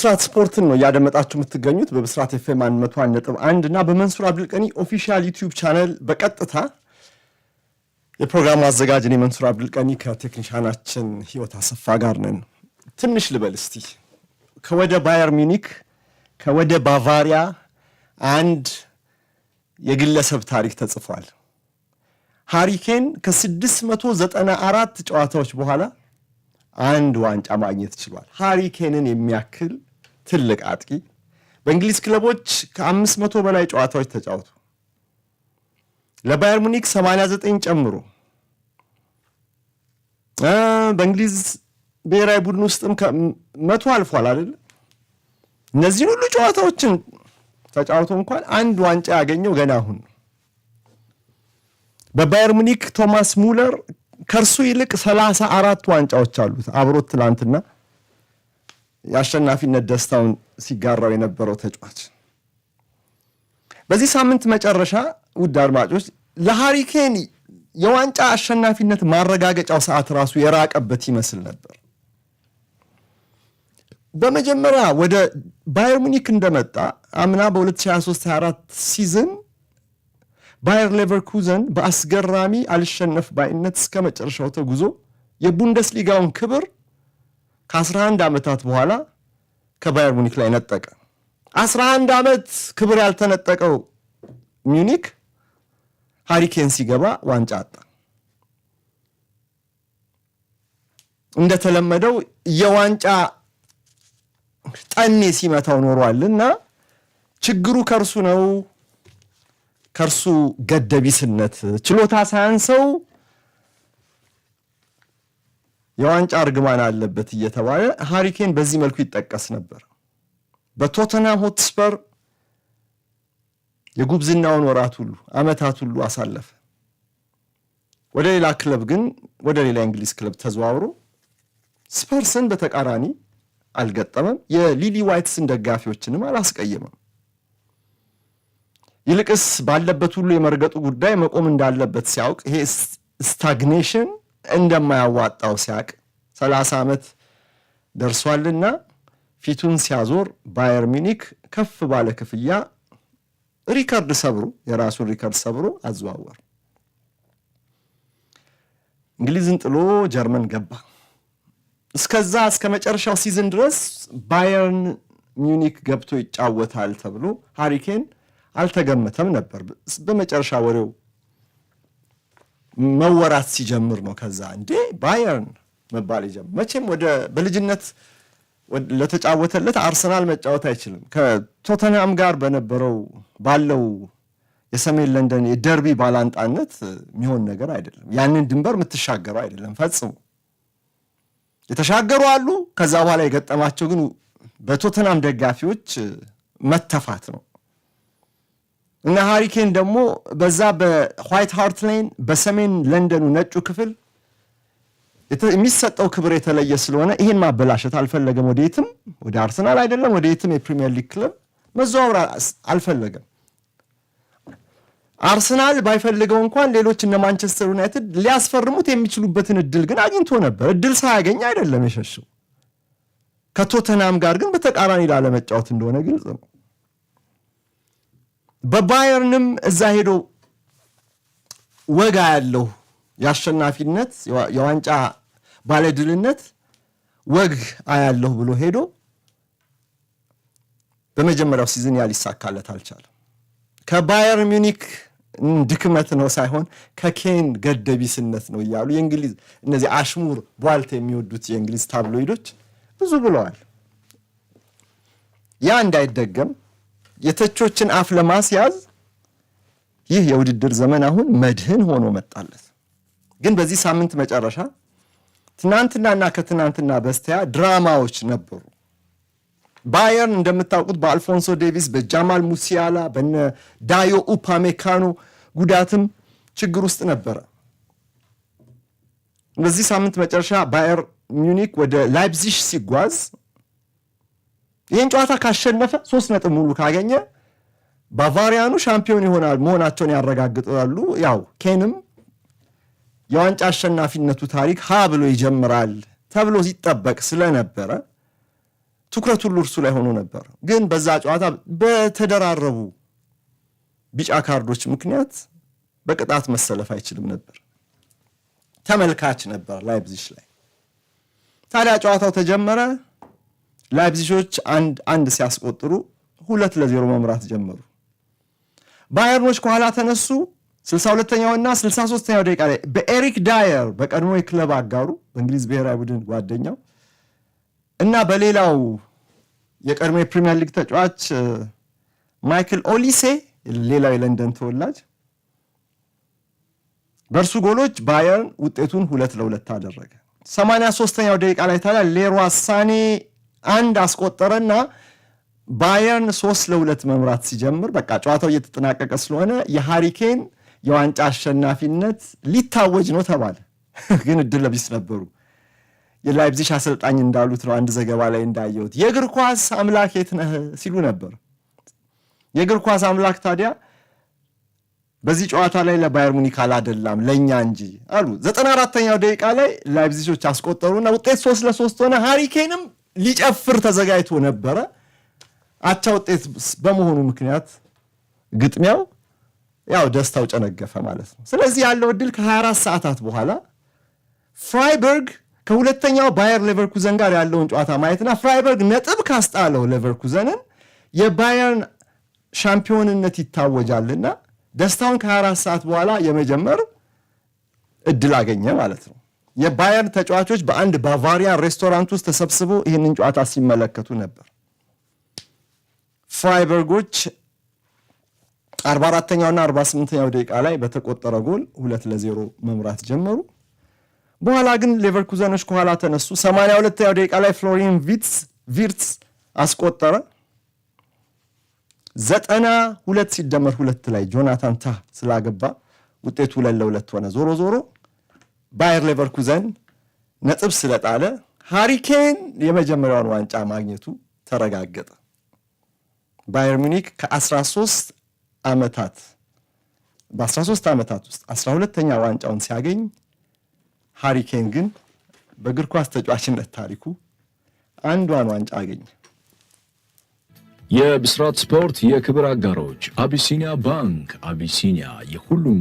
ብስራት ስፖርትን ነው እያደመጣችሁ የምትገኙት በብስራት ኤፍ ኤም አንድ እና በመንሱር አብዱልቀኒ ኦፊሻል ዩቲዩብ ቻነል በቀጥታ የፕሮግራሙ አዘጋጅ እኔ መንሱር አብዱልቀኒ ከቴክኒሻናችን ህይወት አሰፋ ጋር ነን። ትንሽ ልበል እስቲ ከወደ ባየር ሚኒክ ከወደ ባቫሪያ አንድ የግለሰብ ታሪክ ተጽፏል። ሃሪኬን ከ694 ጨዋታዎች በኋላ አንድ ዋንጫ ማግኘት ችሏል። ሃሪኬንን የሚያክል ትልቅ አጥቂ በእንግሊዝ ክለቦች ከአምስት መቶ በላይ ጨዋታዎች ተጫውቱ ለባየር ሙኒክ 89 ጨምሮ በእንግሊዝ ብሔራዊ ቡድን ውስጥም መቶ አልፏል አይደል እነዚህ ሁሉ ጨዋታዎችን ተጫውቶ እንኳን አንድ ዋንጫ ያገኘው ገና አሁን ነው። በባየር ሙኒክ ቶማስ ሙለር ከእርሱ ይልቅ ሰላሳ አራት ዋንጫዎች አሉት አብሮት ትናንትና የአሸናፊነት ደስታውን ሲጋራው የነበረው ተጫዋች። በዚህ ሳምንት መጨረሻ ውድ አድማጮች ለሃሪኬን የዋንጫ አሸናፊነት ማረጋገጫው ሰዓት ራሱ የራቀበት ይመስል ነበር። በመጀመሪያ ወደ ባየር ሙኒክ እንደመጣ አምና በ2023/24 ሲዝን ባየር ሌቨርኩዘን በአስገራሚ አልሸነፍ ባይነት እስከ መጨረሻው ተጉዞ የቡንደስሊጋውን ክብር ከ11 ዓመታት በኋላ ከባየር ሙኒክ ላይ ነጠቀ። 11 ዓመት ክብር ያልተነጠቀው ሚኒክ ሃሪኬን ሲገባ ዋንጫ አጣ። እንደተለመደው የዋንጫ ጠኔ ሲመታው ኖሯል እና ችግሩ ከእርሱ ነው። ከእርሱ ገደቢስነት ችሎታ ሳያንሰው የዋንጫ እርግማን አለበት እየተባለ ሃሪኬን በዚህ መልኩ ይጠቀስ ነበር። በቶተናም ሆትስፐር የጉብዝናውን ወራት ሁሉ አመታት ሁሉ አሳለፈ። ወደ ሌላ ክለብ ግን ወደ ሌላ እንግሊዝ ክለብ ተዘዋውሮ ስፐርስን በተቃራኒ አልገጠመም። የሊሊ ዋይትስን ደጋፊዎችንም አላስቀየመም። ይልቅስ ባለበት ሁሉ የመርገጡ ጉዳይ መቆም እንዳለበት ሲያውቅ ይሄ ስታግኔሽን እንደማያዋጣው ሲያውቅ 30 ዓመት ደርሷልና ፊቱን ሲያዞር ባየር ሚኒክ ከፍ ባለ ክፍያ ሪከርድ ሰብሮ የራሱን ሪከርድ ሰብሮ አዘዋወር። እንግሊዝን ጥሎ ጀርመን ገባ። እስከዛ እስከ መጨረሻው ሲዝን ድረስ ባየርን ሚዩኒክ ገብቶ ይጫወታል ተብሎ ሃሪኬን አልተገመተም ነበር። በመጨረሻ ወሬው መወራት ሲጀምር ነው ከዛ እንዴ ባየርን መባል ይጀምር። መቼም ወደ በልጅነት ለተጫወተለት አርሰናል መጫወት አይችልም። ከቶተንሃም ጋር በነበረው ባለው የሰሜን ለንደን የደርቢ ባላንጣነት የሚሆን ነገር አይደለም። ያንን ድንበር የምትሻገረው አይደለም ፈጽሞ። የተሻገሩ አሉ። ከዛ በኋላ የገጠማቸው ግን በቶተንሃም ደጋፊዎች መተፋት ነው እና ሃሪኬን ደግሞ በዛ በዋይት ሃርት ሌን በሰሜን ለንደኑ ነጩ ክፍል የሚሰጠው ክብር የተለየ ስለሆነ ይህን ማበላሸት አልፈለገም። ወደየትም ወደ አርሰናል አይደለም፣ ወደየትም የፕሪሚየር ሊግ ክለብ መዘዋወር አልፈለገም። አርሰናል ባይፈልገው እንኳን ሌሎች እነ ማንቸስተር ዩናይትድ ሊያስፈርሙት የሚችሉበትን እድል ግን አግኝቶ ነበር። እድል ሳያገኝ አይደለም የሸሸው። ከቶተናም ጋር ግን በተቃራኒ ላለመጫወት እንደሆነ ግልጽ ነው። በባየርንም እዛ ሄዶ ወጋ ያለው የአሸናፊነት የዋንጫ ባለድልነት ወግ አያለሁ ብሎ ሄዶ በመጀመሪያው ሲዝን ያ ሊሳካለት አልቻለም። ከባየር ሚኒክ ድክመት ነው ሳይሆን ከኬን ገደቢስነት ነው እያሉ የእንግሊዝ እነዚህ አሽሙር ቧልት የሚወዱት የእንግሊዝ ታብሎይዶች ብዙ ብለዋል። ያ እንዳይደገም የተቾችን አፍ ለማስያዝ ይህ የውድድር ዘመን አሁን መድህን ሆኖ መጣለት። ግን በዚህ ሳምንት መጨረሻ ትናንትናና ከትናንትና በስቲያ ድራማዎች ነበሩ። ባየርን እንደምታውቁት በአልፎንሶ ዴቪስ፣ በጃማል ሙሲያላ፣ በነ ዳዮ ኡፓሜካኖ ጉዳትም ችግር ውስጥ ነበረ። በዚህ ሳምንት መጨረሻ ባየር ሚኒክ ወደ ላይፕዚሽ ሲጓዝ ይህን ጨዋታ ካሸነፈ ሶስት ነጥብ ሙሉ ካገኘ ባቫሪያኑ ሻምፒዮን ይሆናል መሆናቸውን ያረጋግጣሉ። ያው ኬንም የዋንጫ አሸናፊነቱ ታሪክ ሀ ብሎ ይጀምራል ተብሎ ሲጠበቅ ስለነበረ ትኩረት ሁሉ እርሱ ላይ ሆኖ ነበር። ግን በዛ ጨዋታ በተደራረቡ ቢጫ ካርዶች ምክንያት በቅጣት መሰለፍ አይችልም ነበር። ተመልካች ነበር ላይፕዚሽ ላይ። ታዲያ ጨዋታው ተጀመረ። ላይፕዚሾች አንድ አንድ ሲያስቆጥሩ ሁለት ለዜሮ መምራት ጀመሩ። ባየርኖች ከኋላ ተነሱ። 62 እና 63ኛው ደቂቃ ላይ በኤሪክ ዳየር በቀድሞ የክለብ አጋሩ በእንግሊዝ ብሔራዊ ቡድን ጓደኛው እና በሌላው የቀድሞ የፕሪሚየር ሊግ ተጫዋች ማይክል ኦሊሴ ሌላው የለንደን ተወላጅ በእርሱ ጎሎች ባየርን ውጤቱን ሁለት ለሁለት አደረገ። 83ኛው ደቂቃ ላይ ታዲያ ሌሮይ ሳኔ አንድ አስቆጠረና ባየርን ሶስት ለሁለት መምራት ሲጀምር በቃ ጨዋታው እየተጠናቀቀ ስለሆነ የሃሪኬን የዋንጫ አሸናፊነት ሊታወጅ ነው ተባለ። ግን እድል ለቢስ ነበሩ። የላይፕዚሽ አሰልጣኝ እንዳሉት ነው። አንድ ዘገባ ላይ እንዳየሁት የእግር ኳስ አምላክ የት ነህ ሲሉ ነበር። የእግር ኳስ አምላክ ታዲያ በዚህ ጨዋታ ላይ ለባየር ሙኒክ አላደላም ለእኛ እንጂ አሉ። ዘጠና አራተኛው ደቂቃ ላይ ላይፕዚሾች አስቆጠሩና ውጤት ሶስት ለሶስት ሆነ። ሃሪኬንም ሊጨፍር ተዘጋጅቶ ነበረ። አቻ ውጤት በመሆኑ ምክንያት ግጥሚያው ያው ደስታው ጨነገፈ ማለት ነው። ስለዚህ ያለው እድል ከ24 ሰዓታት በኋላ ፍራይበርግ ከሁለተኛው ባየር ሌቨርኩዘን ጋር ያለውን ጨዋታ ማየትና ፍራይበርግ ነጥብ ካስጣለው ሌቨርኩዘንን የባየርን ሻምፒዮንነት ይታወጃልና ደስታውን ከ24 ሰዓት በኋላ የመጀመር እድል አገኘ ማለት ነው። የባየር ተጫዋቾች በአንድ ባቫሪያ ሬስቶራንት ውስጥ ተሰብስበው ይህንን ጨዋታ ሲመለከቱ ነበር። ፍራይበርጎች አርባ አራተኛውና አርባ ስምንተኛው ደቂቃ ላይ በተቆጠረ ጎል ሁለት ለዜሮ መምራት ጀመሩ። በኋላ ግን ሌቨርኩዘኖች ከኋላ ተነሱ። ሰማንያ ሁለተኛው ደቂቃ ላይ ፍሎሪን ቪትስ ቪርትስ አስቆጠረ። ዘጠና ሁለት ሲደመር ሁለት ላይ ጆናታን ታ ስላገባ ውጤቱ ሁለት ለሁለት ሆነ። ዞሮ ዞሮ ባየር ሌቨርኩዘን ነጥብ ስለጣለ ሃሪኬን የመጀመሪያውን ዋንጫ ማግኘቱ ተረጋገጠ። ባየር ሚኒክ ከ13 ዓመታት በ13 ዓመታት ውስጥ 12ተኛ ዋንጫውን ሲያገኝ ሃሪኬን ግን በእግር ኳስ ተጫዋችነት ታሪኩ አንዷን ዋንጫ አገኘ። የብስራት ስፖርት የክብር አጋሮች አቢሲኒያ ባንክ። አቢሲኒያ የሁሉም